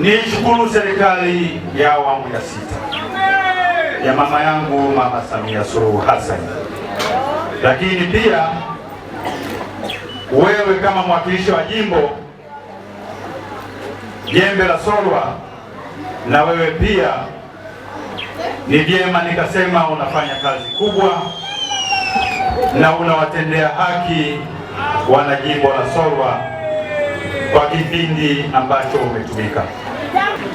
ni shukuru serikali ya awamu ya sita ya mama yangu Mama Samia Suluhu Hassan, lakini pia wewe kama mwakilishi wa jimbo jembe la Solwa, na wewe pia ni vyema nikasema unafanya kazi kubwa na unawatendea haki wanajimbo la Solwa kwa kipindi ambacho umetumika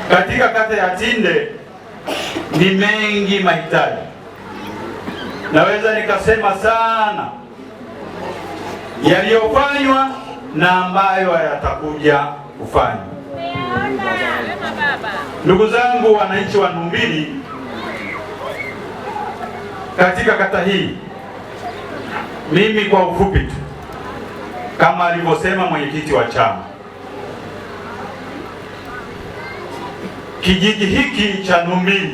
katika kata ya Tinde. Ni mengi mahitaji, naweza nikasema sana yaliyofanywa na ambayo yatakuja kufanywa. Ndugu zangu wananchi wa numbili katika kata hii, mimi kwa ufupi tu kama alivyosema mwenyekiti wa chama kijiji hiki cha Numili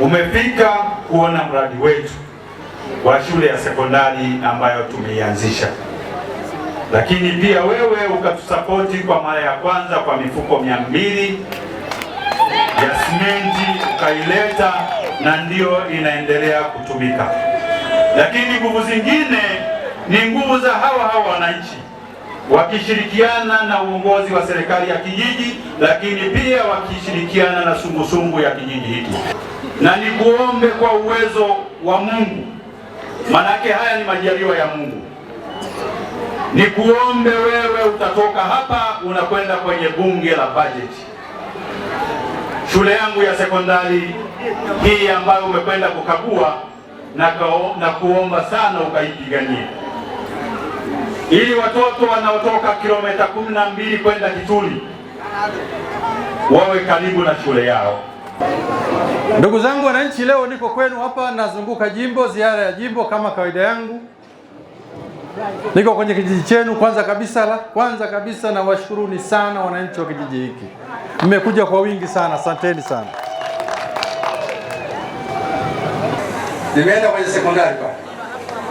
umefika kuona mradi wetu wa shule ya sekondari ambayo tumeianzisha, lakini pia wewe ukatusapoti kwa mara ya kwanza kwa mifuko mia mbili ya simenti ukaileta, na ndiyo inaendelea kutumika. Lakini nguvu zingine ni nguvu za hawa hawa wananchi wakishirikiana na uongozi wa serikali ya kijiji, lakini pia wakishirikiana na sungusungu ya kijiji hiki. Na nikuombe kwa uwezo wa Mungu, manake haya ni majaliwa ya Mungu, nikuombe wewe utatoka hapa unakwenda kwenye bunge la bajeti. Shule yangu ya sekondari hii ambayo umekwenda kukagua na, kao, na kuomba sana ukaipiganie ili watoto wanaotoka kilomita kumi na mbili kwenda Kituli wawe karibu na shule yao. Ndugu zangu wananchi, leo niko kwenu hapa, nazunguka jimbo, ziara ya jimbo kama kawaida yangu, niko kwenye kijiji chenu. Kwanza kabisa la kwanza kabisa nawashukuruni sana wananchi wa kijiji hiki, mmekuja kwa wingi sana, asanteni sana. Nimeenda kwenye sekondari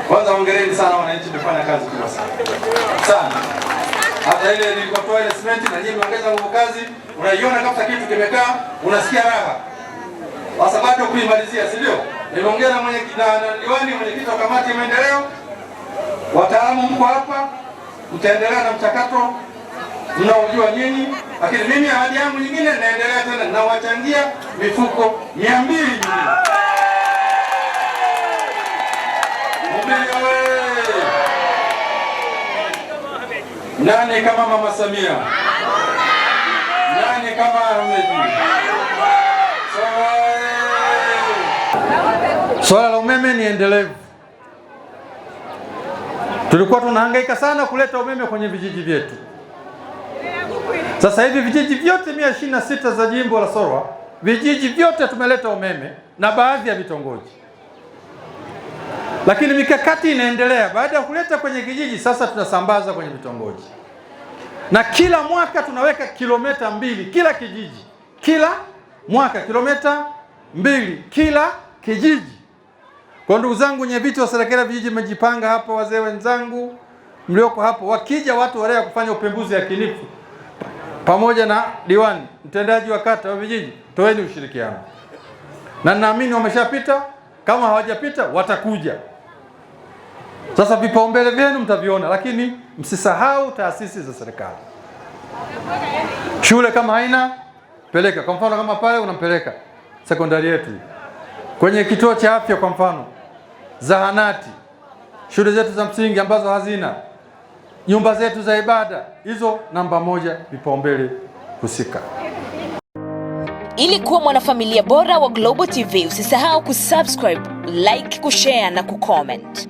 kwanza hongereni sana wananchi, mmefanya kazi kubwa sana sana. Hata ile nilipotoa ile simenti na nyinyi mmeongeza nguvu kazi, unaiona kabisa kitu kimekaa, unasikia raha. Sasa bado kuimalizia, si ndio? Nimeongea na mwenye na diwani, mwenyekiti wa kamati ya maendeleo, wataalamu mko hapa, mtaendelea na mchakato mnaojua nyinyi, lakini mimi ahadi yangu nyingine naendelea tena, nawachangia mifuko mia mbili nyingine Nani kama mama Samia? Nani kama Ahmed? Swala la umeme ni endelevu. Tulikuwa tunahangaika sana kuleta umeme kwenye vijiji vyetu. Sasa hivi vijiji vyote mia ishirini na sita za jimbo la Sorwa, vijiji vyote tumeleta umeme na baadhi ya vitongoji. Lakini mikakati inaendelea. Baada ya kuleta kwenye kijiji, sasa tunasambaza kwenye vitongoji, na kila mwaka tunaweka kilomita mbili kila kijiji, kila mwaka kilomita mbili kila kijiji. Kwa ndugu zangu wenyeviti viti wa serikali ya vijiji, mmejipanga hapa, wazee wenzangu mlioko hapo, wakija watu walea kufanya upembuzi yakinifu pamoja na diwani mtendaji wa kata wa vijiji, toeni ushirikiano, na naamini wameshapita. Kama hawajapita watakuja. Sasa vipaumbele vyenu mtaviona, lakini msisahau taasisi za serikali. Shule kama haina peleka, kwa mfano kama pale unampeleka sekondari yetu, kwenye kituo cha afya, kwa mfano zahanati, shule zetu za msingi ambazo hazina nyumba zetu za ibada, hizo namba moja vipaumbele husika. Ili kuwa mwanafamilia bora wa Global TV, usisahau kusubscribe, like, kushare na kucomment.